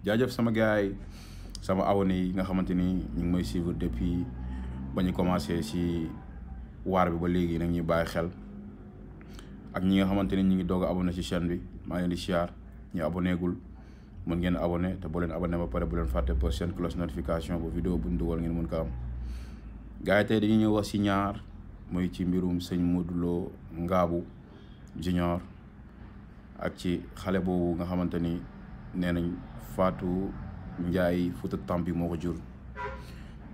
jaajëf sama gaay sama abonné yi nga xamante ni ñu ngi may suivre depuis ba ñu commencé si waar bi ba léegi nag ñuy bàyyi xel ak ñi nga xamante ni ñu ngi doog a si chaîne bi maa ngi leen di siyaar ñu mën ngeen abonné te boo leen abonné ba pare bu leen fàtte pour seen cloche notification bu vidéo buñ dugal ngeen mën ko am gars yi tey dañuy ñëw wax si ñaar mooy ci mbirum sëñ Modou Lo Ngabou Junior ak ci xale boobu nga xamante ni nee nañ Fatou Ndiaye Fouta Tampi moo ko jur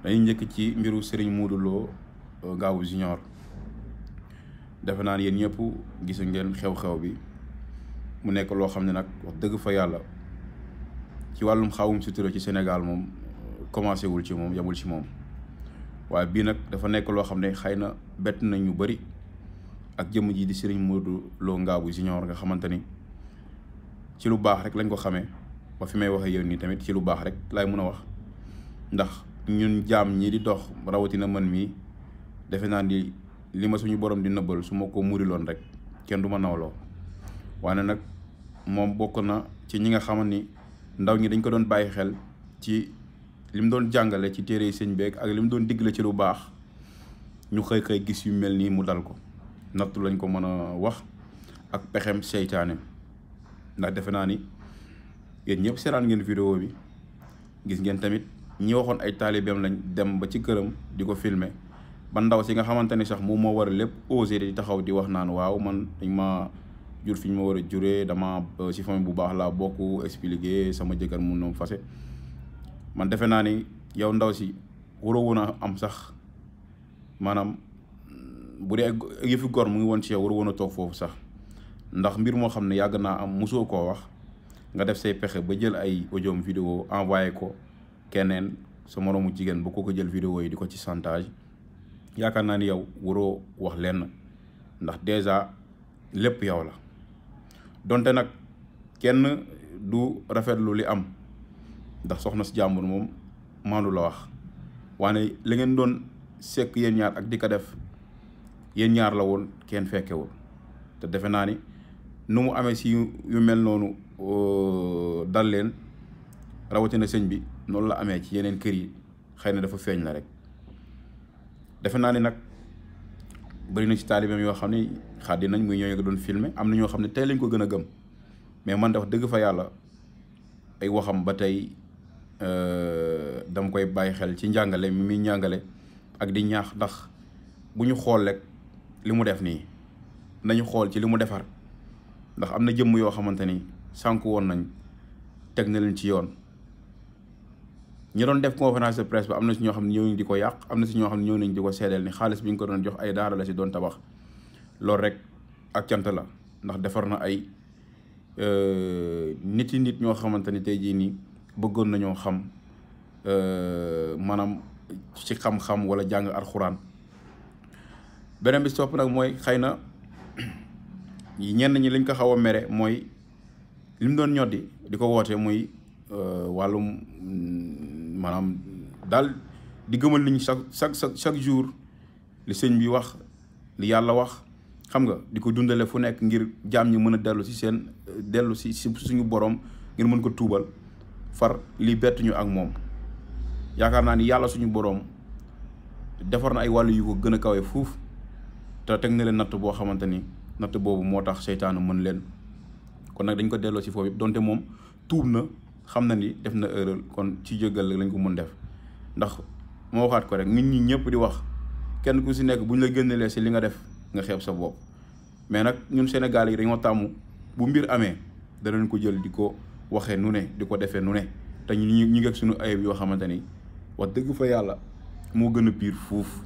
dañuy njëkk ci mbiru sëriñ Modou Lo Ngaabu euh, Junior defe naa ne yéen ñëpp gis ngeen xew-xew bi mu nekk loo xam ne nag wax dëgg fa yàlla ci wàllum xawum sutura ci senegal moom euh, commencé wul ci moom yamul ci moom waaye bii nag dafa nekk loo xam ne xëy na bett nañ ñu bëri ak jëmm ji di sëriñ Modou Lo Ngaabu Junior nga xamante ni. ci lu baax rek lañ ko xamee ba fi may waxee yow nii tamit ci lu baax rek laay mën a wax ndax ñun jaam ñi di dox rawatina man mii defe naa ni li ma suñu borom di nëbbal su ma ko muriloon rek kenn du ma nawloo waaye nag moom bokk na ci ñi nga xaman ni ndaw ñi dañ ko doon bàyyi xel ci li mu doon jàngale ci téere yi sëñ beeg ak li mu doon digle ci lu baax ñu xëy xëy gis yu mel nii mu dal ko nattu lañ ko mën a wax ak pexem seytaane ndax defe naa ni yéen ñëpp seetaan ngeen vidéo bi gis ngeen tamit ñi waxoon ay taalibem lañ dem ba ci këram di ko filmer ba ndaw si nga xamante ni sax moom moo war a lépp osé di taxaw di wax naan waaw man dañ ma jur fi ma war a juree dama euh, si bu baax laa bokk expliqué sama jëkkër mun noom fase man defe naa ni yow ndaw si waroo woon a am sax maanaam bu dee yëfi gor mu ngi woon ci yow waroo woon a toog foofu sax ndax mbir moo xam ne yàgg naa am mosoo koo wax nga def say pexe ba jël ay audio vidéo envoyé ko keneen sa moroomu jigéen ba ko ko jël vidéo yi di ko ci chantage yaakaar naa ni yow wuro wax lenn ndax déjà lépp yow la donte nag kenn du rafetlu li am ndax soxna si jàmbur moom maandu la wax waane li ngeen doon sekk yéen ñaar ak di ko def yéen ñaar la woon kenn fekkewul te defe naa ni nu mu amee si yu mel noonu dal leen rawatina sëñ bi noonu la amee ci yeneen kër yi xëy na dafa feeñ la rek defe naa ne nag bëri na ci taalibeem yoo xam ne xaddi nañ muy ñooñu ko doon filmer am na ñoo xam ne tey lañ ko gën a gëm mais man dafa dëgg fa yàlla ay waxam ba tey euh, dama koy bàyyi xel ci njàngale mi muy njàngale ak di ñaax ndax bu ñu xool rek li mu def nii nañu xool ci li mu defar ndax am na jëmm yoo xamante ni sànku woon nañ teg na leen ci yoon ñi doon def conférence de presse ba am na si ñoo xam ne ñëw nañ di ko yàq am na si ñoo xam ne ñëw nañ di ko seedeel ni xaalis bi ñu ko doon jox ay daara la si doon rek ak cant la ndax defar na ay euh, nit yi nit ñoo xamante ni tey jii nii bëggoon nañoo xam euh, maanaam ci xam wala jàng alxuraan beneen bi si nag mooy xëy na. ñenn ñi lañ ko xaw a mere mooy li doon ñoddi di ko woote muy euh, wàllum mm, maanaam daal di gëmal nit ñi chaque chaque chaque jour li bi wax li yàlla wax xam nga di ko dundale fu nekk ngir jaam ñi mën a dellu si seen dellu si suñu borom ngir mën ko tuubal far li bett ñu ak moom yaakaar naa ni yàlla suñu borom defar na ay wàllu yu ko gën a kawe fuuf te teg na leen natt boo xamante ni. natt boobu moo tax seytaanu mën leen kon nag dañ ko delloo ci foofu yëpp donte moom tuub na xam na ni def na erreur kon ci jéggal lañ ko mën def ndax moo waxaat ko rek nit ñi ñëpp di wax kenn ku si nekk bu ñu la génnelee si li nga def nga xeeb sa bopp mais nag ñun Sénégal yi dañoo tàmm bu mbir amee danañ ko jël di ko waxee nu ne di ko defee nu ne te ñu ñu ngeeg suñu ayib yoo xamante ni wax dëgg fa yàlla moo gën a pire fuuf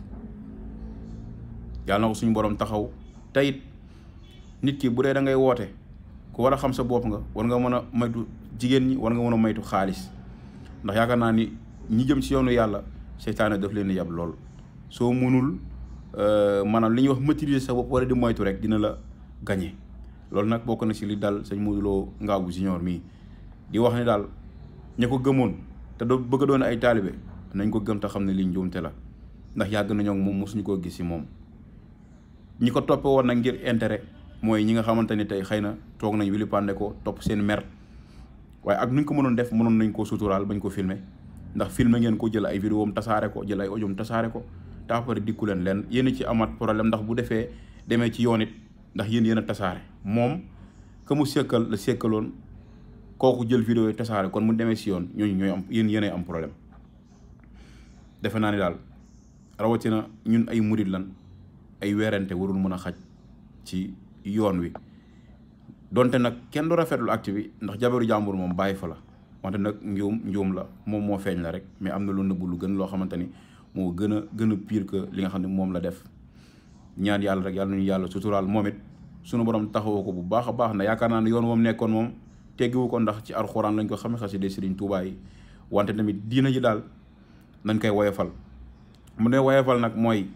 yàlla na ko suñu taxaw nit ki bu dee da ngay woote ku war a xam sa bopp nga war nga mën a maytu jigéen ñi war nga mën a maytu xaalis ndax yaakaar naa ni ñi jëm si yoonu yàlla seytaane daf leen yab lool soo mënul euh, maanaam li ñuy wax maîtriser sa bopp wala di moytu rek dina la gañe loolu nag bokk na si li dal sëñ Modou Lo Ngabou mii di wax ni daal ña ko gëmoon te doo bëgg doon ay taalibe nañ ko gëm te xam ne li njuumte la ndax yàgg nañoo moom mosuñu koo gis si moom ñi ko toppe woon nag ngir intérêt mooy ñi nga xamante ni tey xëy na toog nañ wili pande ko topp seen mer waaye ak nuñ ko mënoon def mënoon nañ ko suturaal bañ ko filmer ndax filmer ngeen ko jël ay vidéo am tasaare ko jël tasaare ko te dikku leen leen yéen ci amaat problème ndax bu defee demee ci yoon it ndax yéen yéen a tasaare moom que mu sekkal la sekkaloon jël vidéo tasaare kon mu demee si yoon ñooñ ñooy am yéen yéen am problème defe naa ne daal rawatina ñun ay murid lan ay weerante warul mën a xaj ci yoon wi donte nag kenn du rafetlu acte bi ndax jabaru jàmbur moom bàyyi fa la wante nag njuum njuum la moom moo feeñ la rek mais am na lu nëbbu lu gën loo xamante ni moo gën a gën a li nga xam ne moom la def ñaan yàlla rek yàlla nañu yàlla suturaal moom sunu borom taxawoo ko bu baax a baax na yaakaar naa ne yoon moom nekkoon moom teggiwu ko ndax ci alxuraan lañ ko xamee xasida Sëriñ Tuubaa tuubaay wante tamit diina ji daal nañ koy woyofal mu ne woyofal nag mooy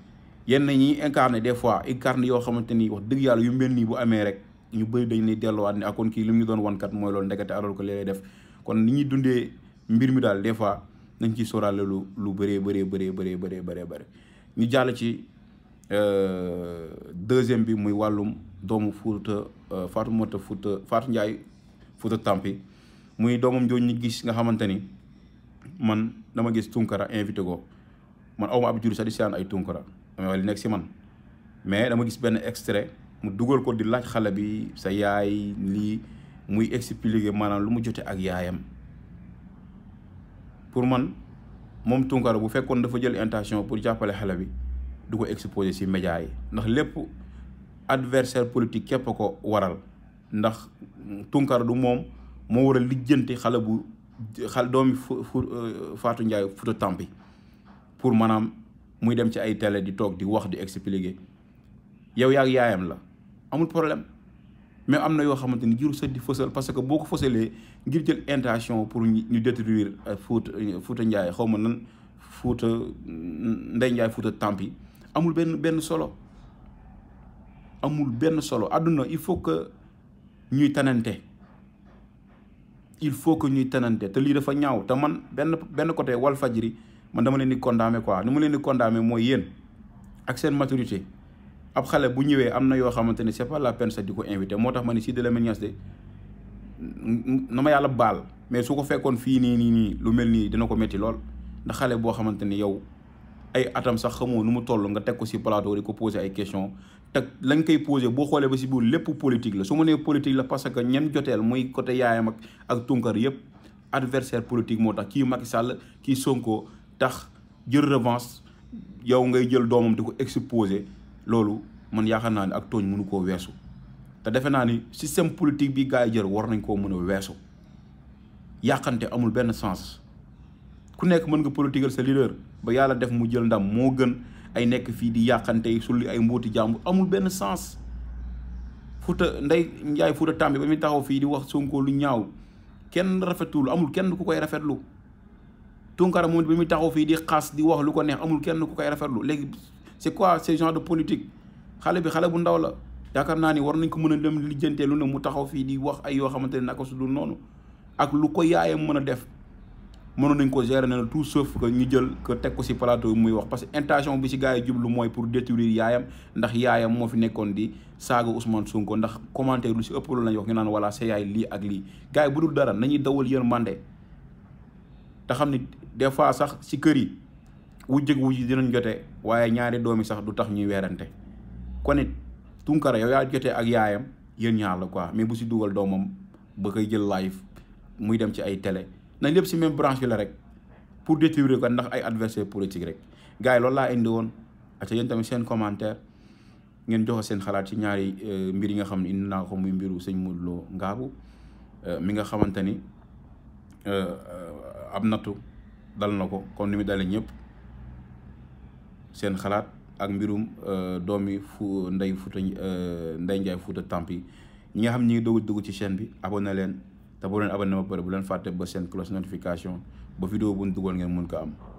yenn ñi incarné des fois incarné yoo xamante ni wax dëgg yàlla yu mel nii bu amee rek ñu bëri dañ lay delluwaat ne akoon ah kii li mu ñu doon wankat mooy loolu ndekete alors que def kon ni ñuy dundee mbir mi daal des fois nañ ciy sóoraale lu lu bëree bëree bëree bëree bëree bëree bëri ñu jàll ci euh, deuxième bi muy wàllum doomu Fouta euh, Fatou Mata Fouta Fatou Ndiaye Fouta Tampi muy doomam jooju ñu gis nga xamante ni man dama gis Tunkara invité ko man awma ab jur sa di seetaan ay Tunkara damay li si man mais dama gis benn extrait mu dugal ko di laaj xale bi sa yaay lii muy expliquer maanaam lu mu jote ak yaayam pour man moom Tounkara bu fekkoon dafa jël intention pour jàppale xale bi du ko exposer si média yi ndax lépp adversaire politique képp ko waral ndax Tounkara du moom moo war lijjanti xale bu xale doomi Fatou Ndiaye Fouta Tampi pour maanaam muy dem ci ay télé di toog di wax di expliquer yow yaa yaayam la amul problème mais am na yoo xamante ni jur sët di fësal parce que boo ko fësalee ngir jël intention pour ñu détruire euh, Fouta euh, Fouta Ndiaye xaw ma nan Fouta Ndeye Ndiaye Fouta Tampi amul benn benn solo amul benn solo àdduna il faut que ñuy tanante il faut que ñuy tanante te lii dafa ñaaw te man benn benn côté Walfadjri man dama leen di condamné quoi ni mu leen di condamné mooy yéen ak seen maturité ab xale bu ñëwee am na yoo xamante ne c'est pas la peine sax di ko invité moo tax ma ne si Lamine Niass de na ma yàlla baal mais su ko fekkoon fii nii nii nii lu mel nii dina ko métti lool ndax xale boo xamante ne yow ay atam sax xamoo nu mu toll nga teg ko si plateau di ko poser ay question te lañ koy poser boo xoolee ba si biir lépp politique la su ma nee politique la parce que ñem joteel muy côté yaayam ak ak tunkar yëpp adversaire politique moo tax kii Macky Sall kii Sonko tax jël revanche yow ngay jël doomam di ko exposer loolu man yaakaar naa ni ak tooñ mënu koo weesu te defe naa ni système politique bi gars yi jël war nañ koo mën a weesu yàqante amul benn sens ku nekk mën nga politiquer sa leader ba yàlla def mu jël ndam moo gën ay nekk fii di yàqante yi ay mbooti jàmbur amul benn sens futa nday njaay futa tàmbi ba muy taxaw fii di wax Sonko lu ñaaw kenn rafetul amul kenn ku koy rafetlu Tounkara moom bi muy taxaw fii di xas di wax lu ko neex amul kenn ku koy rafetlu léegi c'est quoi ce de politique xale bi xale bu ndaw la yaakaar naa ni war nañ ko mën a dem lijjantee lu ne mu taxaw fii di wax ay yoo xamante ne naka su dul noonu ak lu ko yaayam mën a def mënoon nañ ko gérer na tout ñu jël que teg ko ci plateau muy wax parce que intention bi ci gars yi jublu mooy pour détruire yaayam ndax yaayam moo fi nekkoon di saaga Ousmane sunko ndax commentaire lu si ëpp lu lañ wax ñu naan voilà sa yaay lii ak lii gars yi bu dul dara nañuy dawal yërmande te xam ni des fois sax si kër yi wu wujj dinañ jotee waaye ñaari doomi sax du tax ñuy weerante kon it tunkara yow yaa jotee ak yaayam yéen ñaar la quoi mais bu si dugal doomam ba koy jël live muy dem ci ay télé nañ lépp si même branche bi la rek pour détruire ko ndax ay adversaire politique rek gars yi loolu laa indi woon aca yéen tamit seen commentaire ngeen joxe seen xalaat ci ñaari euh, mbir yi nga xam ne indi naa ko muy mbiru sëñ Modou Lo Ngaabu euh, mi nga xamante ni euh, ab nattu dal na ko comme ni muy dalee ñëpp seen xalaat ak mbirum euh, doomi fu ndey futa euh, ndey njaay fuuta tamp yi ñi nga xam ñi ngi dugg dugg ci chaîne bi na leen te boo leen abonné ba pare bu leen fàttee ba seen cloche notification ba vidéo bu ñu dugal ngeen mun ko am